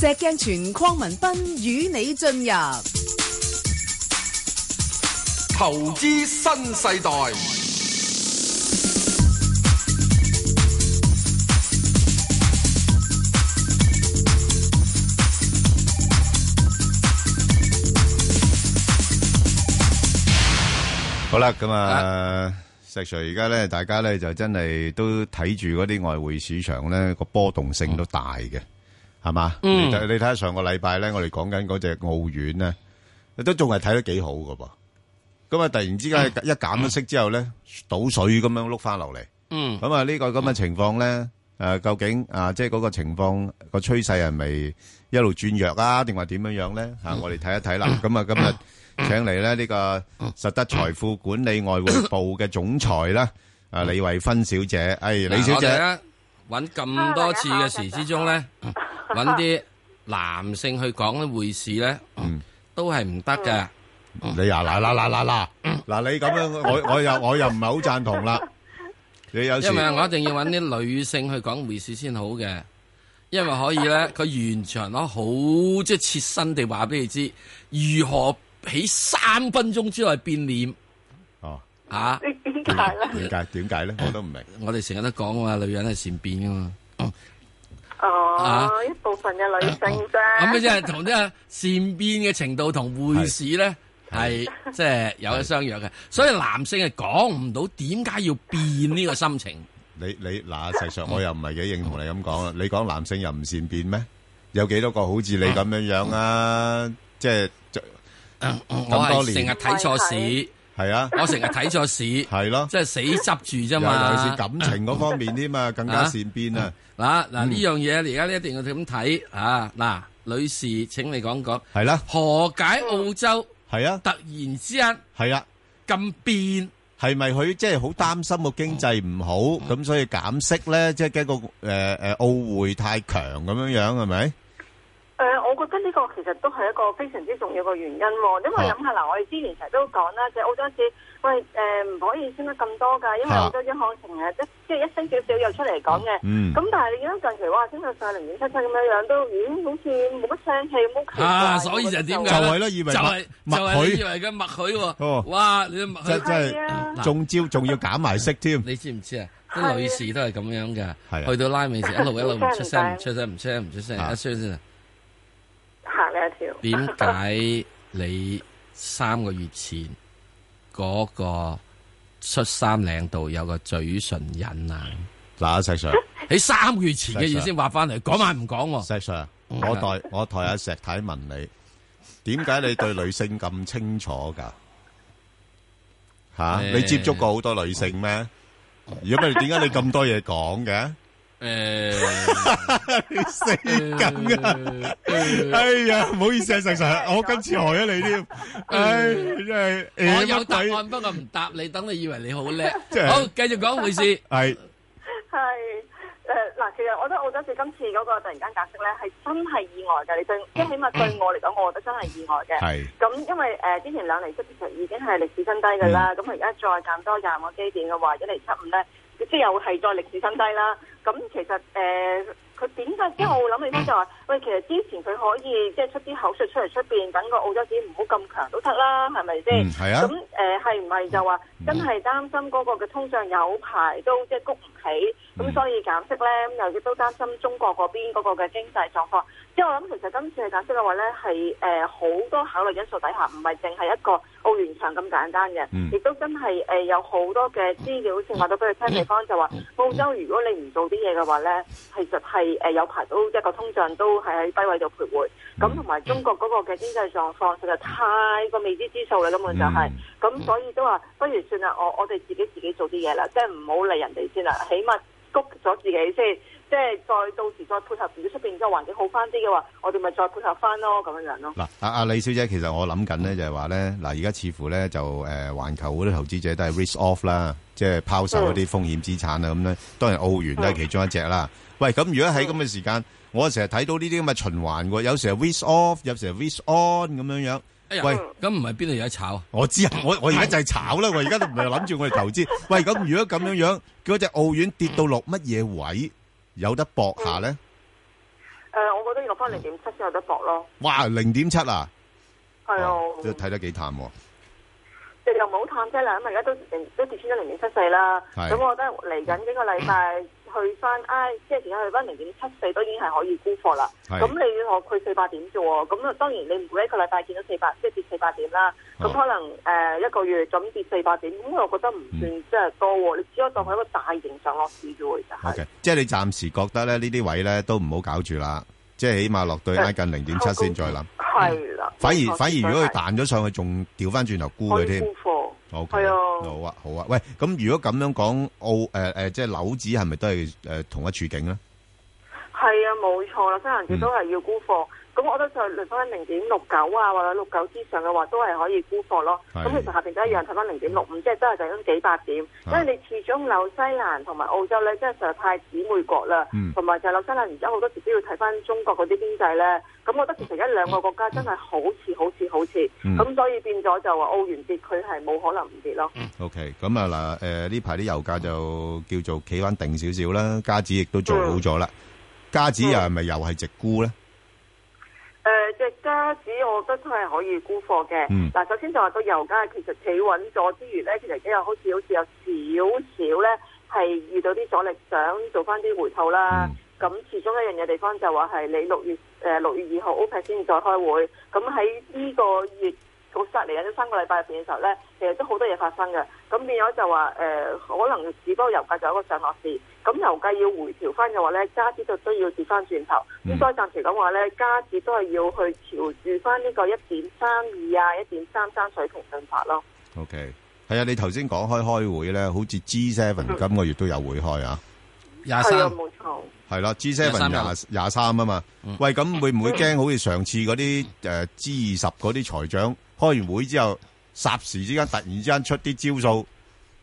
石鏡泉鄺文斌與你進入投資新世代。好啦，咁啊，了石 Sir 而家咧，大家咧就真係都睇住嗰啲外匯市場咧個波動性都大嘅。嗯係嘛？嗯。你睇你睇下上個禮拜咧，我哋講緊嗰隻澳元咧，都仲係睇得幾好噶噃。咁啊，突然之間一減咗息之後咧，倒水咁樣碌翻落嚟。嗯。咁啊，呢個咁嘅情況咧，誒，究竟啊，即係嗰個情況個趨勢係咪一路轉弱啊？定話點樣樣咧？吓，我哋睇一睇啦。咁啊，今日請嚟咧呢個實德財富管理外匯部嘅總裁啦，啊李慧芬小姐，哎李小姐。揾咁多次嘅時之中咧，揾啲、啊、男性去講呢回事咧，嗯、都係唔得嘅。嗯、啊你啊，嗱嗱嗱嗱嗱，嗱、嗯、你咁樣，我我又我又唔係好贊同啦。你有時因為我一定要揾啲女性去講回事先好嘅，因為可以咧，佢完場囉好即係切身地話俾你知，如何喺三分鐘之內變臉。哦，啊。啊點解？點解咧？我都唔明。我哋成日都講話女人係善變噶嘛？哦，一部分嘅女性啫。咁即係同啲啊善變嘅程度同會事咧，係即係有一相約嘅。所以男性係講唔到點解要變呢個心情。你你嗱，事實上我又唔係幾認同你咁講啊！你講男性又唔善變咩？有幾多個好似你咁樣樣啊？即係咁多年，成日睇錯事。係啊，我成日睇錯市，係咯、啊，即係死執住啫嘛。尤其是感情嗰方面添嘛、呃、更加善變啊。嗱，嗱呢樣嘢，而家呢一定要咁睇啊？嗱、呃，女士，請你講講。係啦、啊。何解澳洲？係啊。突然之間？係啊。咁變係咪佢即係好擔心個經濟唔好，咁、啊、所以減息咧？即、就、係、驚那個誒誒、呃，澳匯太強咁樣樣係咪？誒，我覺得呢個其實都係一個非常之重要嘅原因，因為諗下嗱，我哋之前成日都講啦，即係好多次，喂，誒唔可以升得咁多噶，因為好多啲行情啊，即即係一聲少少又出嚟講嘅，咁但係你見到近期哇，升到晒零點七七咁樣樣，都已經好似冇乜聲氣，冇啊，所以就點解？就係咯，以為就係就係你以為嘅默許，哇，你真真係中招，仲要減埋息添，你知唔知啊？啲女士都係咁樣噶，去到拉尾時一路一路唔出聲，唔出聲，唔出聲，唔出聲，一聲先啊！點解你三個月前嗰個出衫領度有個嘴唇印啊？嗱，石 Sir，你三個月前嘅嘢先話翻嚟，講埋唔講？石 Sir，我代我代阿石太問你，點解你對女性咁清楚噶？吓、啊，欸、你接觸過好多女性咩？如果唔係，點解你咁多嘢講嘅？誒，死緊啊！哎呀，唔好意思啊，成神，我今次害咗你添，真係我有答案，不過唔答你，等你以為你好叻。即係好繼續講回事，係係誒嗱，其實我覺得，我覺得澳洲市今次嗰個突然間減息咧，係真係意外噶。對，即係起碼對我嚟講，我覺得真係意外嘅。係咁，因為誒之前兩厘七已經係歷史新低噶啦。咁而家再減多廿個基點嘅話，一厘七五咧，即係又係再歷史新低啦。咁其實誒，佢點解？之後我諗起身就話，喂，其實之前佢可以即係出啲口述出嚟出邊，等個澳洲紙唔好咁強都得啦，係咪先？嗯，係啊。咁誒係唔係就話真係擔心嗰個嘅通脹有排都即係谷唔起，咁所以減息咧？咁又亦都擔心中國嗰邊嗰個嘅經濟狀況。因為我諗，其實今次嘅解釋嘅話咧，係誒好多考慮因素底下，唔係淨係一個澳元強咁簡單嘅，亦都真係誒、呃、有好多嘅資料，好似話到俾佢聽，地方就話澳洲如果你唔做啲嘢嘅話咧，其實係誒、呃、有排都一個通脹都係喺低位度徘徊，咁同埋中國嗰個嘅經濟狀況，實在太過未知之數啦，根本就係、是，咁、嗯、所以都話不如算啦，我我哋自己自己做啲嘢啦，即係唔好理人哋先啦，起碼谷咗自己先。即係再到時再配合，如果出邊個環境好翻啲嘅話，我哋咪再配合翻咯，咁樣樣咯。嗱，阿阿李小姐，其實我諗緊咧，就係話咧，嗱，而家似乎咧就誒，環球嗰啲投資者都係 risk off 啦，即係拋售嗰啲風險資產啊，咁咧，當然澳元都係其中一隻啦。喂，咁如果喺咁嘅時間，我成日睇到呢啲咁嘅循環喎，有時 risk off，有時 risk on 咁樣樣。喂，咁唔係邊度有得炒啊？我知啊，我我而家就係炒啦，我而家都唔係諗住我哋投資。喂，咁如果咁樣樣，嗰隻澳元跌到落乜嘢位？有得搏下咧？誒、呃，我覺得要落翻零點七先有得搏咯。哇，零點七啊！係啊的，即係睇得幾淡，淡。即係又唔好淡啫啦，因為而家都跌，都跌穿咗零點七四啦。咁的我覺得嚟緊呢個禮拜。 去翻，唉，即係而家去翻零點七四，都已經係可以沽貨啦。咁的你要我佢四百點啫喎，咁啊當然你唔會一個禮拜見到四百，即、就、係、是、跌四百點啦。咁、哦、可能誒、呃、一個月咁跌四百點，咁我覺得唔算真係多喎。嗯、你只可當佢一個大型上落市啫喎，就是、okay，即係你暫時覺得咧，呢啲位咧都唔好搞住啦。即係起碼落對挨的近零點七先再諗。係啦。反而反而，以反而如果佢彈咗上去，仲掉翻轉頭沽佢添。係 Okay, 啊，好啊，好啊，喂，咁如果咁樣講，澳誒誒、呃呃，即係樓紙係咪都係誒、呃、同一處境咧？係啊，冇錯啦，即係恒都係要沽貨。嗯咁我覺得睇返零點六九啊，或者六九之上嘅話都係可以沽貨咯。咁是其實下邊都一樣，睇翻零點六五，即係都係就咁幾百點。是因為你始終紐西蘭同埋澳洲咧，即係、嗯、實在太姊妹國啦，同埋就係紐西蘭。而家好多時都要睇翻中國嗰啲經濟咧。咁我覺得其實一兩個國家真係好似好似好似，咁所以變咗就話澳元跌，佢係冇可能唔跌咯。O K，咁啊嗱，誒呢排啲油價就叫做企穩定少少啦，加紙亦都做好咗啦，啊、加紙又係咪又係直沽咧？嗯傢、嗯、我覺得都係可以估貨嘅。嗱，首先就話個油價其實企穩咗之餘咧，其實今日好似好似有少少咧係遇到啲阻力，想做翻啲回頭啦。咁、嗯、始終一樣嘢地方就話係你六月誒六月二號 OPEC 先至再開會，咁喺呢個月。好犀利啊！呢三個禮拜入邊嘅時候咧，其實都好多嘢發生嘅，咁變咗就話誒、呃，可能只不過油價就有一個上落市，咁油價要回調翻嘅話咧，加指就都要跌翻轉頭。咁、嗯、所以暫時講話咧，加指都係要去調住翻呢個一點三二啊、一點三三水平進發咯。O K，係啊，你頭先講開開會咧，好似 G Seven 今個月都有會開啊，廿三，冇錯，係啦，G Seven 廿廿三啊嘛。嗯、喂，咁會唔會驚好似上次嗰啲誒 G 二十嗰啲財長？開完會之後，霎時之間突然之間出啲招數，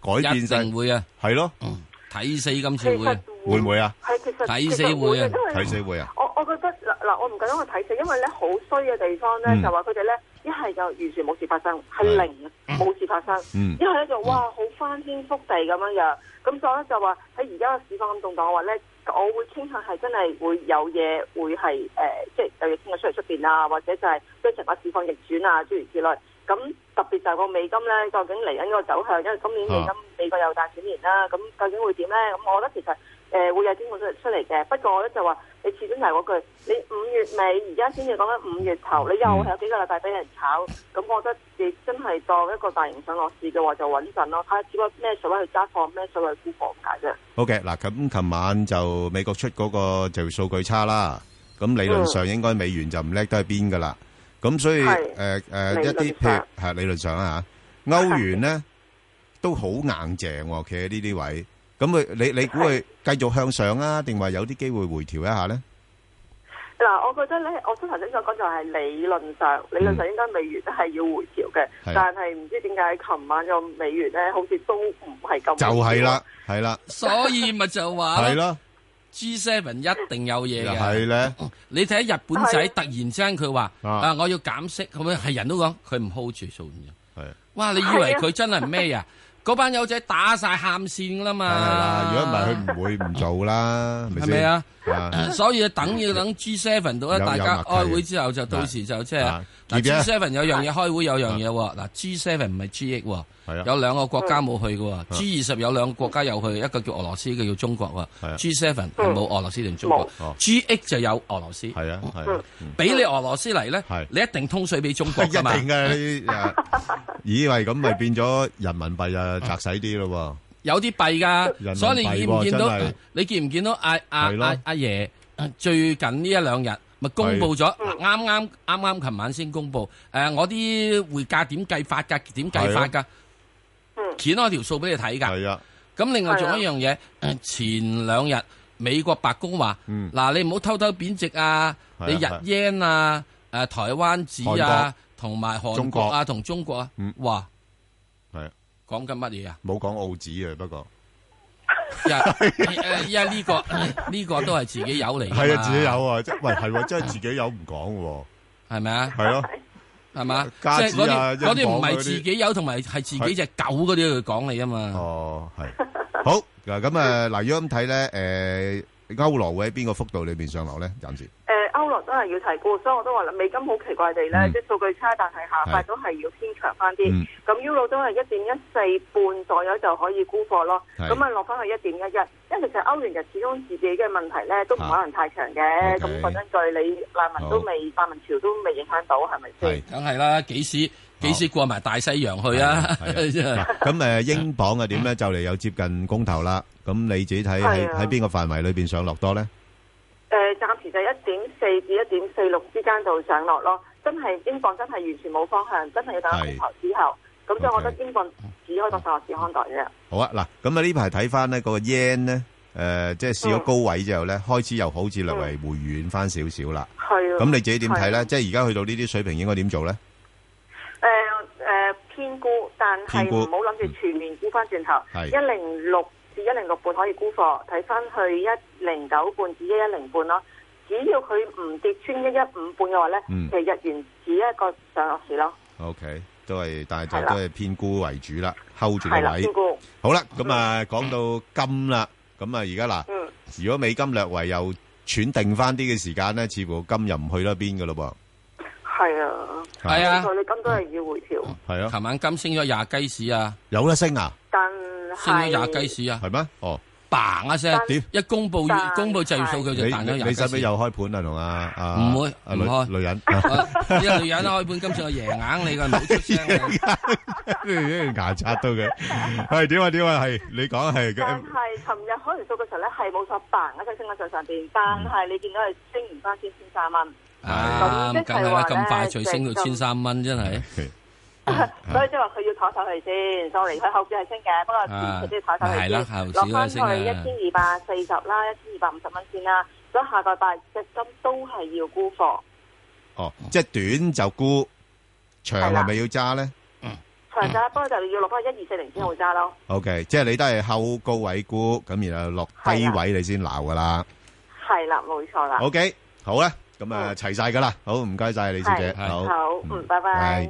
改變性會啊，係咯的，睇死今次會會唔會，會啊？睇死會，會啊，睇死會啊！我我覺得嗱，我唔敢話睇死，因為咧好衰嘅地方咧、嗯、就話佢哋咧一係就完全冇事發生，係零冇、嗯、事發生，嗯一係咧就哇好翻天覆地咁樣樣，咁所以咧就話喺而家嘅市況咁動盪，我話咧。我會傾向係真係會有嘢會係誒，即、呃、係、就是、有嘢傾過出嚟出邊啊，或者就係將成個市況逆轉啊，諸如此類。咁特別就係個美金咧，究竟嚟緊個走向，因為今年美金、啊、美國又大選年啦，咁究竟會點咧？咁我覺得其實。誒，會有啲嘢出嚟嘅，不過咧就話你始終係嗰句，你五月尾而家先至講緊五月頭，你又係有幾個禮拜俾人炒，咁、嗯、我覺得亦真係當一個大型上落市嘅話就穩陣咯，睇下只不過咩水位去揸貨，咩水位去沽貨咁啫。OK，嗱咁，琴晚就美國出嗰個就數據差啦，咁理論上應該美元就唔叻得去邊噶啦，咁所以誒誒一啲撇係理論上啊，歐元咧都好硬淨企喺呢啲位。咁佢你你估佢繼續向上啊，定話有啲機會回調一下咧？嗱，我覺得咧，我都頭先所講就係理論上，理論上應該美元係要回調嘅，但係唔知點解琴晚個美元咧，好似都唔係咁就係啦，係啦，所以咪就話係咯，G seven 一定有嘢嘅，係咧。你睇日本仔突然之間佢話啊，我要減息，咁樣係人都講，佢唔 hold 住數嘅，係哇，你以為佢真係咩啊？嗰班友仔打晒喊線啦嘛，如果唔係佢唔會唔做啦，係咪啊？吧 所以等要等 G Seven 到大家開會之後就到時就即係嗱，G Seven 有樣嘢、啊、開會有樣嘢喎，嗱、啊啊、G Seven 唔係 G 8喎、啊。有兩個國家冇去嘅喎，G 二十有兩個國家有去，一個叫俄羅斯，一個叫中國喎。G seven 係冇俄羅斯同中國，G eight 就有俄羅斯。係啊，係。俾你俄羅斯嚟咧，你一定通水俾中國㗎嘛？一定㗎呢啲。以為咁咪變咗人民幣啊，窄細啲咯喎。有啲幣㗎，所以你見唔見到？你見唔見到？阿阿阿阿爺最近呢一兩日咪公佈咗，啱啱啱啱琴晚先公佈。誒，我啲匯價點計法㗎？點計法㗎？掀開條數俾你睇噶，咁另外仲有一樣嘢，前兩日美國白宮話，嗱，你唔好偷偷貶值啊，你日元啊，誒台灣紙啊，同埋韓國啊，同中國啊，哇係啊，講緊乜嘢啊？冇講澳紙啊，不過，而家呢個呢個都係自己有嚟，係啊，自己有啊，即係，喂，係真係自己有唔講嘅，係咪啊？係咯。係嘛？啊、即係嗰啲嗰啲唔係自己有，同埋係自己隻狗嗰啲去講你啊嘛。哦，係。好嗱，咁啊嗱，如果咁睇咧，誒、呃、歐羅會喺邊個幅度裏面上樓咧？暫時。真係要提估，所以我都話啦，美金好奇怪地咧，即係數據差，但係下快都係要偏強翻啲。咁歐羅都係一點一四半左右就可以沽貨咯。咁啊落翻去一點一一，因為其實歐元就始終自己嘅問題咧，都唔可能太強嘅。咁講真句，你難民都未，難民潮都未影響到，係咪先？係，梗係啦，幾時幾時過埋大西洋去啊？咁誒，英鎊啊點咧？就嚟有接近公投啦。咁你自己睇喺喺邊個範圍裏邊上落多咧？誒，暫、呃、時就一點四至一點四六之間度上落咯，真係英鎊真係完全冇方向，真係要等回調之後，咁所以我覺得英鎊只可上暫時看待啫。好啊，嗱，咁啊呢排睇翻呢嗰個 yen 呢，誒、那個呃，即係試咗高位之後呢，嗯、開始又好似略為回軟翻少少啦。係、嗯，咁你自己點睇呢？的即係而家去到呢啲水平應該點做呢？誒誒、呃呃，偏沽，但係唔好諗住全面沽翻轉頭，一零六。一零六半可以沽貨，睇翻去一零九半至一一零半咯。只要佢唔跌穿一一五半嘅話咧，就係日元只一個上落市咯。OK，都係，但係就都係偏沽為主啦，hold 住個位。係啦，偏沽。好啦，咁啊，講到金啦，咁啊，而家嗱，如果美金略為又喘定翻啲嘅時間咧，似乎金又唔去得邊噶咯噃。係啊，係啊，所以金都係要回調。係啊，琴晚金升咗廿雞市啊，有得升啊。但升咗廿幾市啊！係咩？哦，bang 一聲點？一公布公布就業數據就彈咗廿幾市。你使唔使又開盤啊？同啊啊唔會唔開女人，只女人開盤，今次我贏硬你嘅，唔好出聲。不如牙刷到佢。係點啊？點啊？係你講係。但係琴日開完數嘅時候咧，係冇錯 bang 一聲升咗上上邊，但係你見到係升唔翻千千三蚊。係，即係話咧，即係升到千三蚊真係。所以即係話佢要抬上去先，所以嚟，佢後邊係升嘅，不過前提都要抬上去先，落翻去一千二百四十啦，一千二百五十蚊先啦。所以下個禮拜隻金都係要沽貨。哦，即係短就沽，長係咪要揸咧？嗯，係啦，不過就要落翻一二四零先好揸咯。O K，即係你都係後高位沽，咁然後落低位你先鬧噶啦。係啦，冇錯啦。O K，好啦，咁啊齊晒噶啦，好唔該晒李小姐，好，好，拜拜。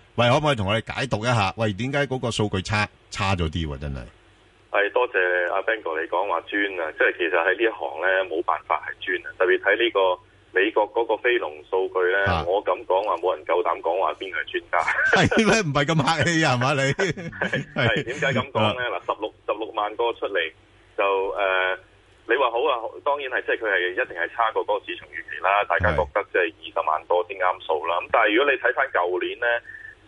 喂，可唔可以同我哋解讀一下？喂，點解嗰個數據差差咗啲、啊？真係係多謝阿 Ben 哥你講話專、這個、啊！即係其實喺呢一行咧，冇辦法係專啊。特別睇呢個美國嗰個非農數據咧，我咁講話冇人夠膽講話邊個係專家，唔係咁客氣呀係嘛？你係點解咁講咧？嗱，十六十六萬個出嚟就誒、呃，你話好啊，當然係，即係佢係一定係差過嗰個市場預期啦。大家覺得即係二十萬多先啱數啦。咁但係如果你睇翻舊年咧。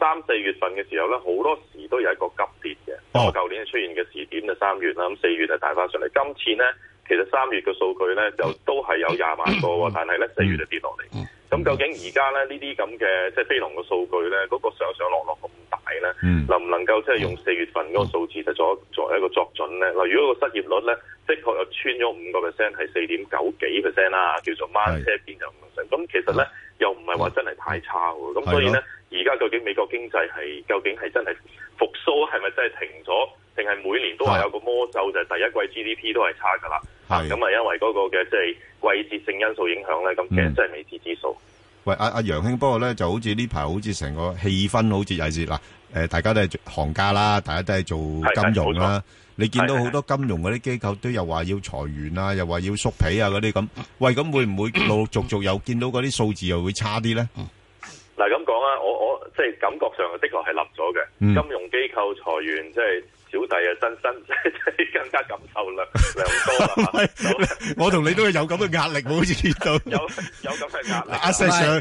三四月份嘅時候咧，好多時都有一個急跌嘅。我舊、啊、年出現嘅時點就三月啦，咁四月就帶翻上嚟。今次咧，其實三月嘅數據咧，就都係有廿萬喎，嗯、但係咧四月就跌落嚟。咁、嗯嗯、究竟而家咧呢啲咁嘅即係非農嘅數據咧，嗰、那個上上落落咁大咧，嗯、能唔能夠即係用四月份嗰個數字就作作一個作準咧？嗱，如果個失業率咧，的確又穿咗五個 percent，係四點九幾 percent 啦，叫做慢車邊就唔成。咁是其實咧，啊、又唔係話真係太差喎。咁、啊、所以咧。而家究竟美國經濟係究竟係真係復甦，係咪真係停咗，定係每年都係有個魔咒？就係第一季 GDP 都係差㗎啦。係咁啊，因為嗰個嘅即係季節性因素影響咧，咁其實真係未知之數。喂，阿阿楊兄，不過咧就好似呢排，好似成個氣氛好似又係嗱，誒，大家都係行家啦，大家都係做金融啦。你見到好多金融嗰啲機構都又話要裁員啊，又話要縮皮啊嗰啲咁。喂，咁會唔會陸陸續續又見到嗰啲數字又會差啲咧？係咁講啊！我我即係、即係、感覺上啊，的確係立咗嘅。金融機構裁員、即係，即係。小弟啊，真真更加感受量量多啊！我同你都係有咁嘅壓力，好似跌到有有咁嘅壓力。石 Sir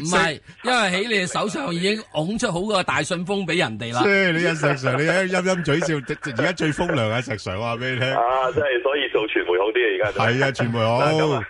唔係，因為喺你手上已經拱出好個大信封俾人哋啦。你阿石 Sir，你喺陰陰嘴笑，而家最風涼嘅石 Sir 話俾你聽啊！即係，所以做傳媒好啲啊！而家係啊，傳媒好咁啊，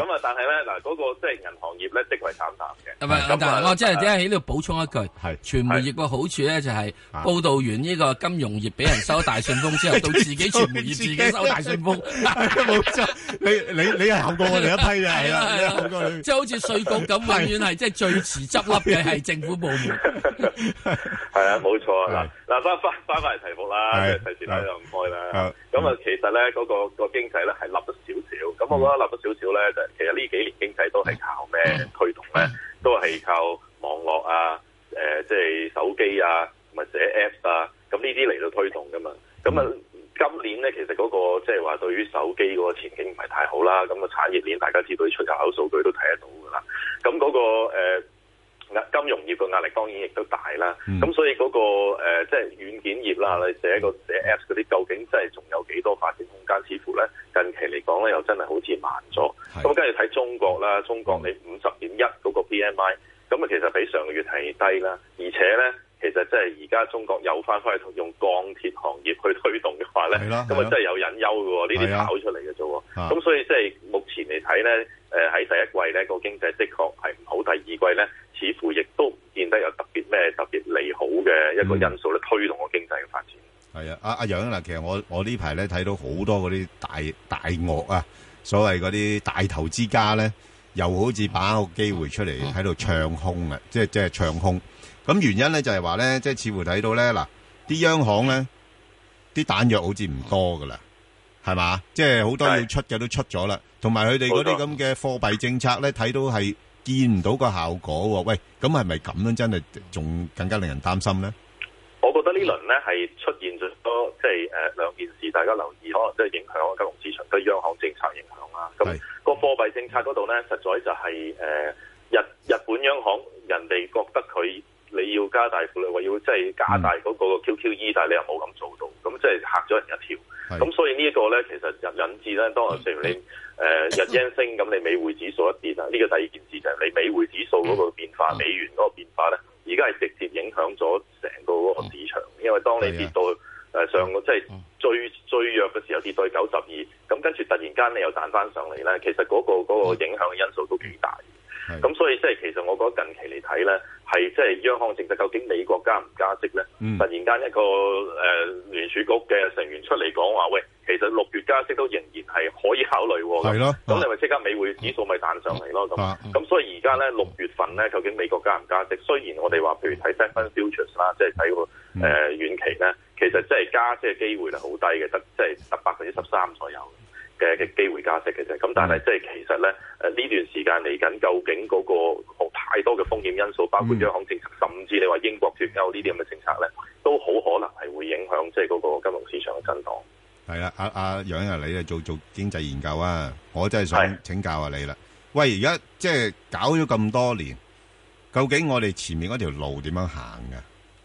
咁啊，但係咧嗱，嗰個即係銀行業咧，即係慘淡嘅。唔係，但係我即係即係喺度補充一句。係傳媒業嘅好處咧，就係報導完呢個金融業。俾人收大信封之後，到自己全面自己收大信封，冇錯。你你你係行過我哋一批嘅係啦，即係好似稅局咁，永遠係即係最遲執笠嘅係政府部門。係啊，冇錯。嗱嗱，翻翻翻翻嚟題目啦，提示大家咁開啦。咁啊，其實咧嗰個個經濟咧係落咗少少。咁我覺得落咗少少咧，就其實呢幾年經濟都係靠咩推動咧，都係靠網絡啊，誒，即係手機啊，同埋寫 apps 啊。咁呢啲嚟到推動噶嘛？咁啊，今年咧其實嗰、那個即係話對於手機嗰個前景唔係太好啦。咁、那個產業鏈大家知道出出口數據都睇得到噶啦。咁嗰、那個誒、呃、金融業嘅壓力當然亦都大啦。咁、嗯、所以嗰、那個即係、呃就是、軟件業啦，你寫一個寫 Apps 嗰啲，究竟真係仲有幾多發展空間？似乎咧近期嚟講咧，又真係好似慢咗。咁跟住睇中國啦，中國你五十點一嗰個 b m i，咁啊其實比上個月係低啦，而且咧。其實真係而家中國又翻返去用鋼鐵行業去推動嘅話咧，咁啊真係有隱憂嘅喎，呢啲搞出嚟嘅啫。咁所以即係目前嚟睇咧，誒喺第一季咧個經濟的確係唔好，第二季咧似乎亦都唔見得有特別咩特別利好嘅一個因素咧推動個經濟嘅發展。係啊，阿阿楊嗱，其實我我呢排咧睇到好多嗰啲大大鱷啊，所謂嗰啲大投資家咧，又好似把握個機會出嚟喺度唱空啊，即即係唱空。咁原因咧就係話咧，即係似乎睇到咧，嗱，啲央行咧，啲彈藥好似唔多噶啦，係嘛？即係好多要出嘅都出咗啦，同埋佢哋嗰啲咁嘅貨幣政策咧，睇到係見唔到個效果。喂，咁係咪咁樣真係仲更加令人擔心咧？我覺得輪呢輪咧係出現咗，多、就是，即係誒兩件事，大家留意，可能即係影響金融市場對央行政策影響啊。咁的個貨幣政策嗰度咧，實在就係、是、誒。呃即係加大嗰個 QQE、嗯、但係你又冇咁做到，咁即係嚇咗人一跳。咁是所以呢一個咧，其實引引致咧，當我譬如你誒日圓升，咁，你美匯指數一跌，呢、這個第二件事就係你美匯指數嗰個變化、嗯、美元嗰個變化咧，而家係直接影響咗成個嗰個市場，嗯、因為當你跌到上個即係最、嗯、最弱嘅時候跌到九十二，咁跟住突然間你又彈翻上嚟咧，其實嗰、那個那個影響因素都幾大咁、嗯、所以即、就、係、是、其實我覺得近期嚟睇咧，係即係央行政策究竟美國加？加息咧，嗯、突然間一個誒聯儲局嘅成員出嚟講話，喂，其實六月加息都仍然係可以考慮。係咯的，咁你咪即刻美匯指數咪彈上嚟咯。咁，咁、啊、所以而家咧六月份咧，究竟美國加唔加息？雖然我哋話，譬如睇 seven futures 啦，即係睇個誒遠期咧，其實即係加息嘅機會係好低嘅，得即係得百分之十三左右。嘅嘅機會加息嘅啫，咁但係即係其實咧，誒呢段時間嚟緊，究竟嗰個太多嘅風險因素，包括央行政策，甚至你話英國脱歐呢啲咁嘅政策咧，都好可能係會影響即係嗰個金融市場嘅震盪。係啦，阿阿楊啊，啊楊你啊做做經濟研究啊，我真係想請教下你啦。的喂，而家即係搞咗咁多年，究竟我哋前面嗰條路點樣行㗎？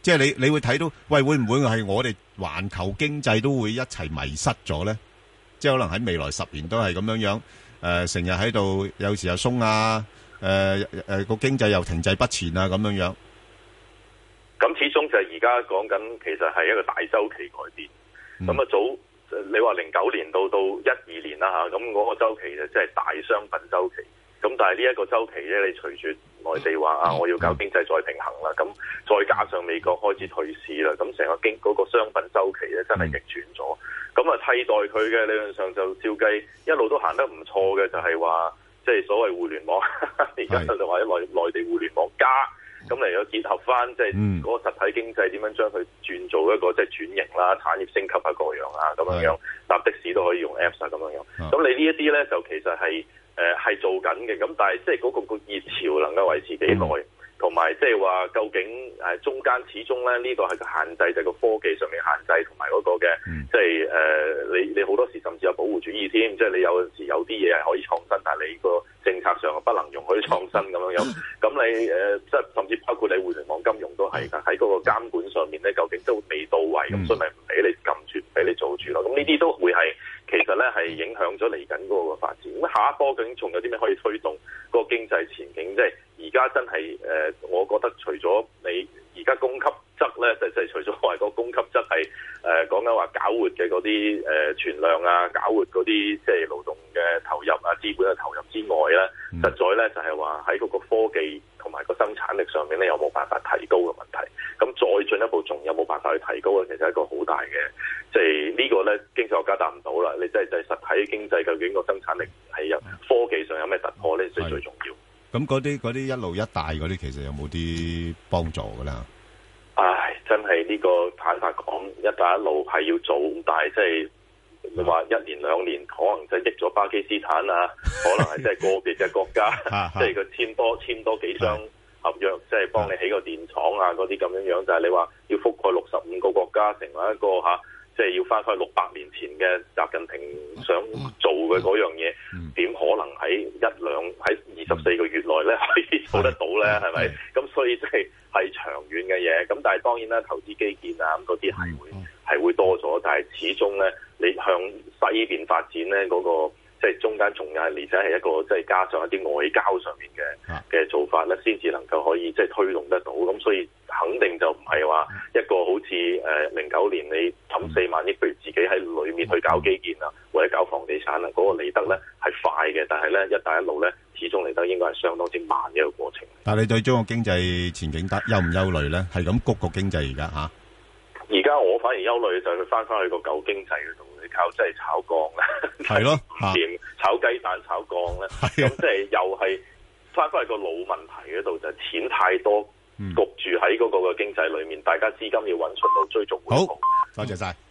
即係你你會睇到，喂，會唔會係我哋環球經濟都會一齊迷失咗咧？即係可能喺未來十年都係咁樣樣，誒、呃，成日喺度，有時又鬆啊，誒、呃、誒，個、呃、經濟又停滯不前啊，咁樣樣。咁始終就係而家講緊，其實係一個大周期改變。咁啊、嗯，早你話零九年到到一二年啦，吓咁嗰個周期就即係大商品周期。咁但係呢一個周期咧，你隨住內地話啊，我要搞經濟再平衡啦，咁、嗯、再加上美國開始退市啦，咁成個經嗰個商品周期咧真係逆轉咗。咁啊、嗯、替代佢嘅理論上就照計一路都行得唔錯嘅，就係話即係所謂互聯網而家是就係話啲內內地互聯網加，咁嚟到結合翻即係嗰個實體經濟點樣、嗯、將佢轉做一個即係轉型啦、產業升級啊、各樣啊咁樣樣，搭的士都可以用 Apps 啊咁樣樣。咁是你呢一啲咧就其實係。誒係、呃、做緊嘅，咁但係即係嗰個熱潮能夠維持幾耐？同埋即係話究竟中間始終咧呢、呢個係個限制，就係、是、個科技上面限制，同埋嗰個嘅即係誒你你好多時甚至有保護主義添，即、就、係、是、你有陣時有啲嘢係可以創新，但係你個政策上係不能容許創新咁樣樣。咁你誒即係甚至包括你互聯網金融都係，但喺嗰個監管上面咧，究竟都未到位，咁所以咪唔俾你撳住，俾你做住咯，咁呢啲都會係。其實咧係影響咗嚟緊嗰個發展。咁下一波究竟仲有啲咩可以推動個經濟前景？即係而家真係誒，我覺得除咗你而家供給側咧，就係、是、除咗話個供給側係誒講緊話搞活嘅嗰啲誒存量啊，搞活嗰啲即係勞動嘅投入啊、資本嘅投入之外咧，嗯、實在咧就係話喺嗰個科技同埋個生產力上面咧，有冇辦法提高嘅問題？咁再進一步，仲有冇辦法去提高咧？其實係一個好大嘅。喺經濟究竟個生產力係有科技上有咩突破咧？所以最重要。咁嗰啲啲一路一帶嗰啲，其實有冇啲幫助噶咧？唉，真係呢個坦白講，一帶一路係要做，但係即係你話一年兩年，可能就係益咗巴基斯坦啊， 可能係即係個別嘅國家，即係佢簽多簽多幾張合約，即係 幫你起個電廠啊嗰啲咁樣樣。就係、是、你話要覆蓋六十五個國家，成為一個嚇。即係要返返六百年前嘅習近平想做嘅嗰樣嘢，點、嗯、可能喺一兩喺二十四個月內咧可以做得到咧？係咪、嗯？咁吧所以即係係長遠嘅嘢。咁但係當然啦，投資基建啊咁嗰啲係會係會多咗，但係始終咧你向西邊發展咧嗰、那個。即係中間仲有，而且係一個即係、就是、加上一啲外交上面嘅嘅做法咧，先至能夠可以即係、就是、推動得到。咁所以肯定就唔係話一個好似誒零九年你冚四萬億，譬如自己喺裏面去搞基建啊，或者搞房地產啊，嗰、那個嚟得咧係快嘅。但係咧一帶一路咧，始終嚟得應該係相當之慢一個過程。但係你對中國經濟前景得憂唔憂慮咧？係咁谷個經濟而家吓？而家我反而憂慮就係佢翻翻去個舊經濟度。又真係炒鋼啦，係咯的， 炒雞蛋炒鋼咧，咁即係又係翻返去個老問題嗰度，就係、是、錢太多，焗、嗯、住喺嗰個嘅經濟裏面，大家資金要揾出路追逐回。回流。好，多謝晒。